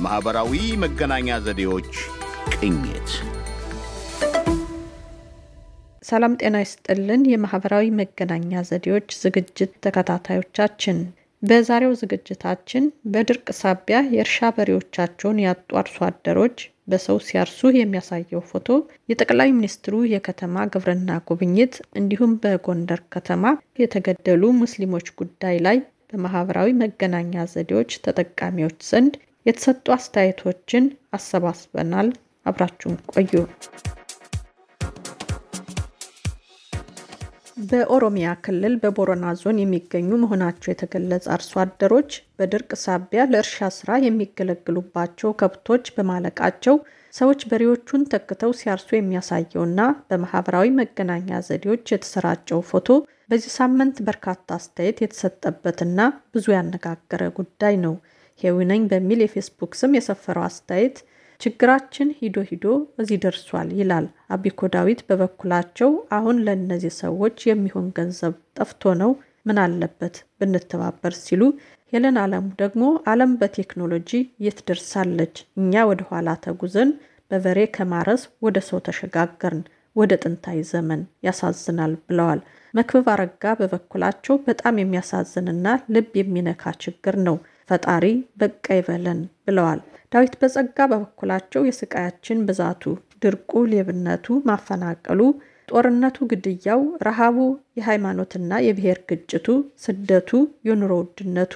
የማኅበራዊ መገናኛ ዘዴዎች ቅኝት። ሰላም ጤና ይስጥልን። የማኅበራዊ መገናኛ ዘዴዎች ዝግጅት ተከታታዮቻችን በዛሬው ዝግጅታችን በድርቅ ሳቢያ የእርሻ በሬዎቻቸውን ያጡ አርሶ አደሮች በሰው ሲያርሱ የሚያሳየው ፎቶ፣ የጠቅላይ ሚኒስትሩ የከተማ ግብርና ጉብኝት እንዲሁም በጎንደር ከተማ የተገደሉ ሙስሊሞች ጉዳይ ላይ በማህበራዊ መገናኛ ዘዴዎች ተጠቃሚዎች ዘንድ የተሰጡ አስተያየቶችን አሰባስበናል። አብራችሁን ቆዩ። በኦሮሚያ ክልል በቦረና ዞን የሚገኙ መሆናቸው የተገለጸ አርሶ አደሮች በድርቅ ሳቢያ ለእርሻ ስራ የሚገለግሉባቸው ከብቶች በማለቃቸው ሰዎች በሬዎቹን ተክተው ሲያርሱ የሚያሳየውና በማህበራዊ መገናኛ ዘዴዎች የተሰራጨው ፎቶ በዚህ ሳምንት በርካታ አስተያየት የተሰጠበትና ብዙ ያነጋገረ ጉዳይ ነው። ሄዊነኝ በሚል የፌስቡክ ስም የሰፈረው አስተያየት ችግራችን ሂዶ ሂዶ እዚህ ደርሷል ይላል። አቢኮ ዳዊት በበኩላቸው አሁን ለእነዚህ ሰዎች የሚሆን ገንዘብ ጠፍቶ ነው ምን አለበት ብንተባበር ሲሉ፣ ሄለን አለሙ ደግሞ ዓለም በቴክኖሎጂ የት ደርሳለች? እኛ ወደ ኋላ ተጉዘን በበሬ ከማረስ ወደ ሰው ተሸጋገርን፣ ወደ ጥንታዊ ዘመን ያሳዝናል ብለዋል። መክበብ አረጋ በበኩላቸው በጣም የሚያሳዝንና ልብ የሚነካ ችግር ነው ፈጣሪ በቃ ይበለን ብለዋል። ዳዊት በጸጋ በበኩላቸው የስቃያችን ብዛቱ፣ ድርቁ፣ ሌብነቱ፣ ማፈናቀሉ፣ ጦርነቱ፣ ግድያው፣ ረሃቡ፣ የሃይማኖትና የብሔር ግጭቱ፣ ስደቱ፣ የኑሮ ውድነቱ፣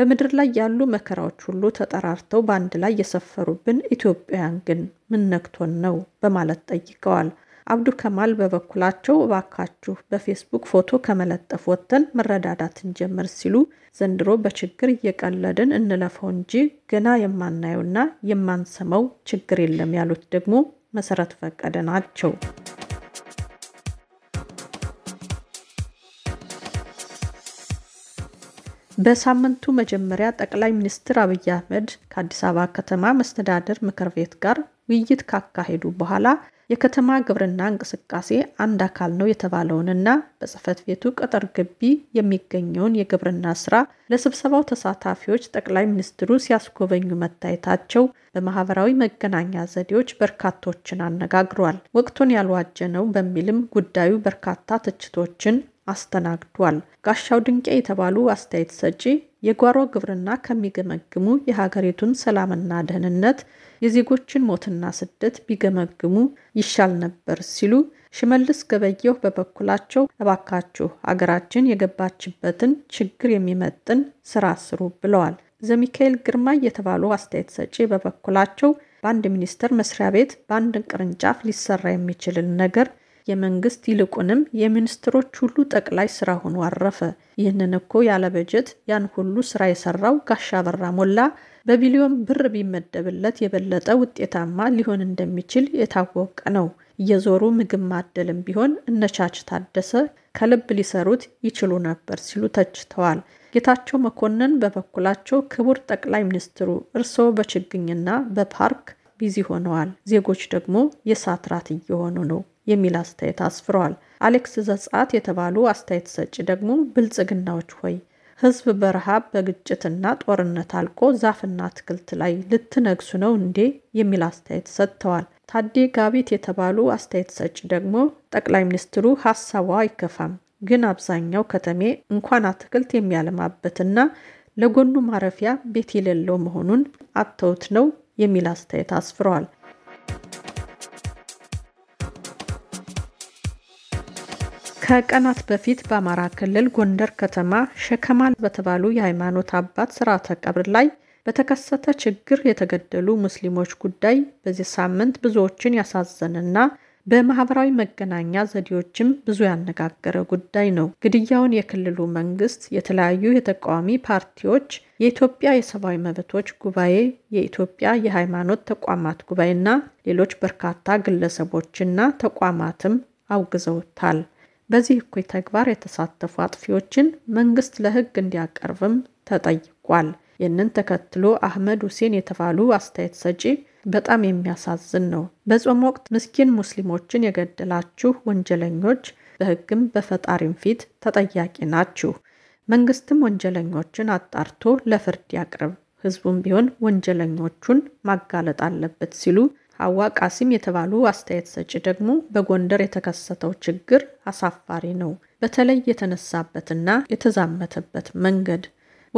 በምድር ላይ ያሉ መከራዎች ሁሉ ተጠራርተው በአንድ ላይ የሰፈሩብን ኢትዮጵያውያን ግን ምን ነክቶን ነው በማለት ጠይቀዋል። አብዱ ከማል በበኩላቸው እባካችሁ በፌስቡክ ፎቶ ከመለጠፍ ወጥተን መረዳዳት እንጀምር ሲሉ ዘንድሮ በችግር እየቀለድን እንለፈው እንጂ ገና የማናየውና የማንሰማው ችግር የለም ያሉት ደግሞ መሰረት ፈቀደ ናቸው። በሳምንቱ መጀመሪያ ጠቅላይ ሚኒስትር አብይ አህመድ ከአዲስ አበባ ከተማ መስተዳደር ምክር ቤት ጋር ውይይት ካካሄዱ በኋላ የከተማ ግብርና እንቅስቃሴ አንድ አካል ነው የተባለውንና በጽህፈት ቤቱ ቅጥር ግቢ የሚገኘውን የግብርና ስራ ለስብሰባው ተሳታፊዎች ጠቅላይ ሚኒስትሩ ሲያስጎበኙ መታየታቸው በማህበራዊ መገናኛ ዘዴዎች በርካቶችን አነጋግሯል። ወቅቱን ያልዋጀ ነው በሚልም ጉዳዩ በርካታ ትችቶችን አስተናግዷል። ጋሻው ድንቄ የተባሉ አስተያየት ሰጪ የጓሮ ግብርና ከሚገመግሙ የሀገሪቱን ሰላምና ደህንነት የዜጎችን ሞትና ስደት ቢገመግሙ ይሻል ነበር ሲሉ ሽመልስ ገበየሁ በበኩላቸው እባካችሁ አገራችን የገባችበትን ችግር የሚመጥን ስራ ስሩ ብለዋል። ዘሚካኤል ግርማ የተባሉ አስተያየት ሰጪ በበኩላቸው በአንድ ሚኒስቴር መስሪያ ቤት በአንድ ቅርንጫፍ ሊሰራ የሚችልን ነገር የመንግስት ይልቁንም የሚኒስትሮች ሁሉ ጠቅላይ ስራ ሆኖ አረፈ። ይህንን እኮ ያለ በጀት ያን ሁሉ ስራ የሰራው ጋሻ በራ ሞላ በቢሊዮን ብር ቢመደብለት የበለጠ ውጤታማ ሊሆን እንደሚችል የታወቀ ነው። እየዞሩ ምግብ ማደልም ቢሆን እነቻች ታደሰ ከልብ ሊሰሩት ይችሉ ነበር ሲሉ ተችተዋል። ጌታቸው መኮንን በበኩላቸው ክቡር ጠቅላይ ሚኒስትሩ እርስዎ በችግኝና በፓርክ ቢዚ ሆነዋል፣ ዜጎች ደግሞ የሳትራት እየሆኑ ነው የሚል አስተያየት አስፍረዋል። አሌክስ ዘጻት የተባሉ አስተያየት ሰጪ ደግሞ ብልጽግናዎች ሆይ ህዝብ በረሃብ በግጭትና ጦርነት አልቆ ዛፍና አትክልት ላይ ልትነግሱ ነው እንዴ? የሚል አስተያየት ሰጥተዋል። ታዴ ጋቢት የተባሉ አስተያየት ሰጪ ደግሞ ጠቅላይ ሚኒስትሩ ሀሳቧ አይከፋም፣ ግን አብዛኛው ከተሜ እንኳን አትክልት የሚያለማበትና ለጎኑ ማረፊያ ቤት የሌለው መሆኑን አተውት ነው የሚል አስተያየት አስፍረዋል። ከቀናት በፊት በአማራ ክልል ጎንደር ከተማ ሸከማል በተባሉ የሃይማኖት አባት ስርዓተ ቀብር ላይ በተከሰተ ችግር የተገደሉ ሙስሊሞች ጉዳይ በዚህ ሳምንት ብዙዎችን ያሳዘነና በማህበራዊ መገናኛ ዘዴዎችም ብዙ ያነጋገረ ጉዳይ ነው። ግድያውን የክልሉ መንግስት፣ የተለያዩ የተቃዋሚ ፓርቲዎች፣ የኢትዮጵያ የሰብአዊ መብቶች ጉባኤ፣ የኢትዮጵያ የሃይማኖት ተቋማት ጉባኤና ሌሎች በርካታ ግለሰቦችና ተቋማትም አውግዘውታል። በዚህ እኩይ ተግባር የተሳተፉ አጥፊዎችን መንግስት ለህግ እንዲያቀርብም ተጠይቋል። ይህንን ተከትሎ አህመድ ሁሴን የተባሉ አስተያየት ሰጪ በጣም የሚያሳዝን ነው። በጾም ወቅት ምስኪን ሙስሊሞችን የገደላችሁ ወንጀለኞች በህግም በፈጣሪም ፊት ተጠያቂ ናችሁ። መንግስትም ወንጀለኞችን አጣርቶ ለፍርድ ያቅርብ። ህዝቡም ቢሆን ወንጀለኞቹን ማጋለጥ አለበት ሲሉ ሐዋ ቃሲም የተባሉ አስተያየት ሰጪ ደግሞ በጎንደር የተከሰተው ችግር አሳፋሪ ነው፣ በተለይ የተነሳበትና የተዛመተበት መንገድ።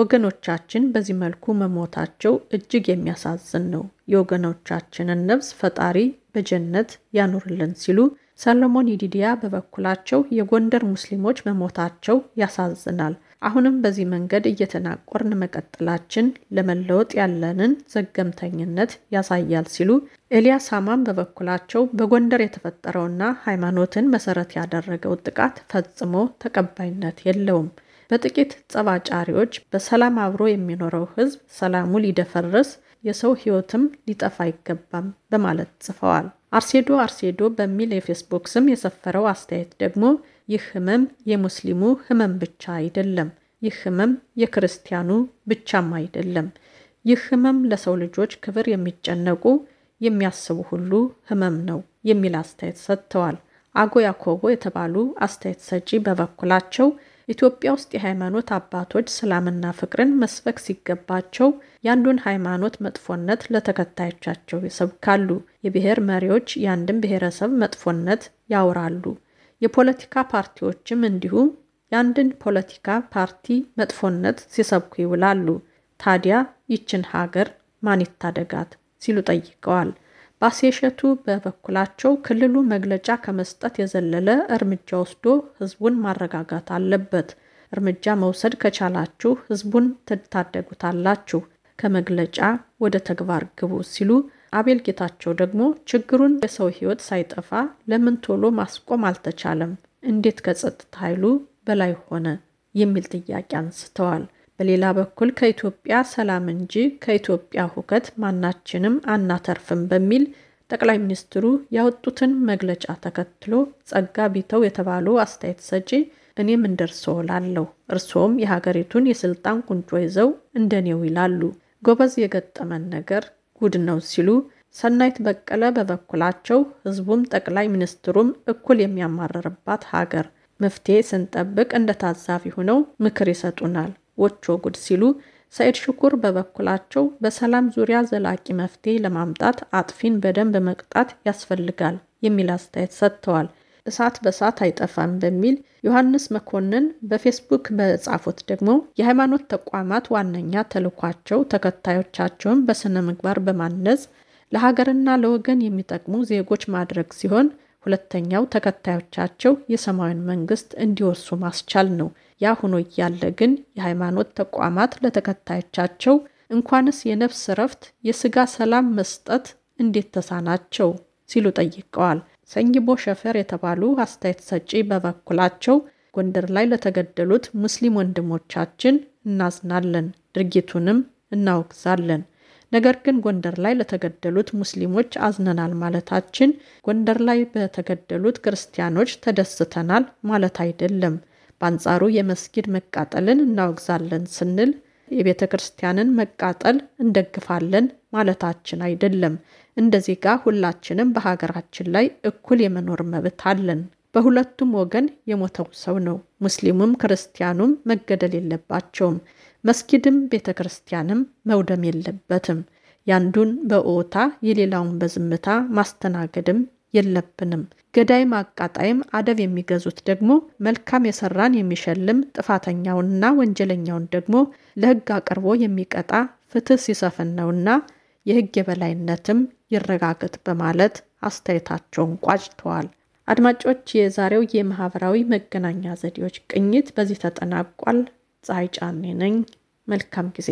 ወገኖቻችን በዚህ መልኩ መሞታቸው እጅግ የሚያሳዝን ነው። የወገኖቻችንን ነፍስ ፈጣሪ በጀነት ያኑርልን ሲሉ ሰለሞን ይዲዲያ በበኩላቸው የጎንደር ሙስሊሞች መሞታቸው ያሳዝናል አሁንም በዚህ መንገድ እየተናቆርን መቀጠላችን ለመለወጥ ያለንን ዘገምተኝነት ያሳያል ሲሉ ኤልያስ ሃማም በበኩላቸው በጎንደር የተፈጠረውና ሃይማኖትን መሰረት ያደረገው ጥቃት ፈጽሞ ተቀባይነት የለውም። በጥቂት ጸባጫሪዎች በሰላም አብሮ የሚኖረው ሕዝብ ሰላሙ ሊደፈርስ የሰው ሕይወትም ሊጠፋ አይገባም በማለት ጽፈዋል። አርሴዶ አርሴዶ በሚል የፌስቡክ ስም የሰፈረው አስተያየት ደግሞ ይህ ህመም የሙስሊሙ ህመም ብቻ አይደለም። ይህ ህመም የክርስቲያኑ ብቻም አይደለም። ይህ ህመም ለሰው ልጆች ክብር የሚጨነቁ የሚያስቡ ሁሉ ህመም ነው የሚል አስተያየት ሰጥተዋል። አጎ ያኮቦ የተባሉ አስተያየት ሰጪ በበኩላቸው ኢትዮጵያ ውስጥ የሃይማኖት አባቶች ሰላምና ፍቅርን መስበክ ሲገባቸው የአንዱን ሃይማኖት መጥፎነት ለተከታዮቻቸው ይሰብካሉ። የብሔር መሪዎች የአንድን ብሔረሰብ መጥፎነት ያወራሉ። የፖለቲካ ፓርቲዎችም እንዲሁ የአንድን ፖለቲካ ፓርቲ መጥፎነት ሲሰብኩ ይውላሉ። ታዲያ ይችን ሀገር ማን ይታደጋት ሲሉ ጠይቀዋል። ባሴሸቱ በበኩላቸው ክልሉ መግለጫ ከመስጠት የዘለለ እርምጃ ወስዶ ህዝቡን ማረጋጋት አለበት። እርምጃ መውሰድ ከቻላችሁ ህዝቡን ትታደጉታላችሁ፣ ከመግለጫ ወደ ተግባር ግቡ ሲሉ አቤል ጌታቸው ደግሞ ችግሩን የሰው ሕይወት ሳይጠፋ ለምን ቶሎ ማስቆም አልተቻለም? እንዴት ከጸጥታ ኃይሉ በላይ ሆነ? የሚል ጥያቄ አንስተዋል። በሌላ በኩል ከኢትዮጵያ ሰላም እንጂ ከኢትዮጵያ ሁከት ማናችንም አናተርፍም በሚል ጠቅላይ ሚኒስትሩ ያወጡትን መግለጫ ተከትሎ ጸጋ ቢተው የተባሉ አስተያየት ሰጪ እኔም እንደርሰውላለሁ ላለሁ እርሶም የሀገሪቱን የስልጣን ቁንጮ ይዘው እንደኔው ይላሉ። ጎበዝ የገጠመን ነገር ጉድ ነው ሲሉ ሰናይት በቀለ በበኩላቸው ህዝቡም ጠቅላይ ሚኒስትሩም እኩል የሚያማረርባት ሀገር መፍትሄ ስንጠብቅ እንደ ታዛቢ ሆነው ምክር ይሰጡናል፣ ወቾ ጉድ ሲሉ ሰኢድ ሽኩር በበኩላቸው በሰላም ዙሪያ ዘላቂ መፍትሄ ለማምጣት አጥፊን በደንብ መቅጣት ያስፈልጋል የሚል አስተያየት ሰጥተዋል። እሳት በእሳት አይጠፋም በሚል ዮሐንስ መኮንን በፌስቡክ በጻፉት ደግሞ የሃይማኖት ተቋማት ዋነኛ ተልኳቸው ተከታዮቻቸውን በስነ ምግባር በማነጽ ለሀገርና ለወገን የሚጠቅሙ ዜጎች ማድረግ ሲሆን ሁለተኛው ተከታዮቻቸው የሰማያዊን መንግስት እንዲወርሱ ማስቻል ነው። ያ ሆኖ እያለ ግን የሃይማኖት ተቋማት ለተከታዮቻቸው እንኳንስ የነፍስ እረፍት የስጋ ሰላም መስጠት እንዴት ተሳናቸው? ሲሉ ጠይቀዋል። ሰኝቦ ሸፈር የተባሉ አስተያየት ሰጪ በበኩላቸው ጎንደር ላይ ለተገደሉት ሙስሊም ወንድሞቻችን እናዝናለን፣ ድርጊቱንም እናወግዛለን። ነገር ግን ጎንደር ላይ ለተገደሉት ሙስሊሞች አዝነናል ማለታችን ጎንደር ላይ በተገደሉት ክርስቲያኖች ተደስተናል ማለት አይደለም። በአንጻሩ የመስጊድ መቃጠልን እናወግዛለን ስንል የቤተ ክርስቲያንን መቃጠል እንደግፋለን ማለታችን አይደለም። እንደ ዜጋ ሁላችንም በሀገራችን ላይ እኩል የመኖር መብት አለን። በሁለቱም ወገን የሞተው ሰው ነው። ሙስሊሙም ክርስቲያኑም መገደል የለባቸውም። መስጊድም ቤተ ክርስቲያንም መውደም የለበትም። ያንዱን በኦታ የሌላውን በዝምታ ማስተናገድም የለብንም። ገዳይ ማቃጣይም አደብ የሚገዙት ደግሞ መልካም የሰራን የሚሸልም ጥፋተኛውንና ወንጀለኛውን ደግሞ ለሕግ አቅርቦ የሚቀጣ ፍትህ ሲሰፍን ነውና የሕግ የበላይነትም ይረጋገጥ በማለት አስተያየታቸውን ቋጭተዋል። አድማጮች፣ የዛሬው የማህበራዊ መገናኛ ዘዴዎች ቅኝት በዚህ ተጠናቋል። ፀሐይ ጫኔ ነኝ። መልካም ጊዜ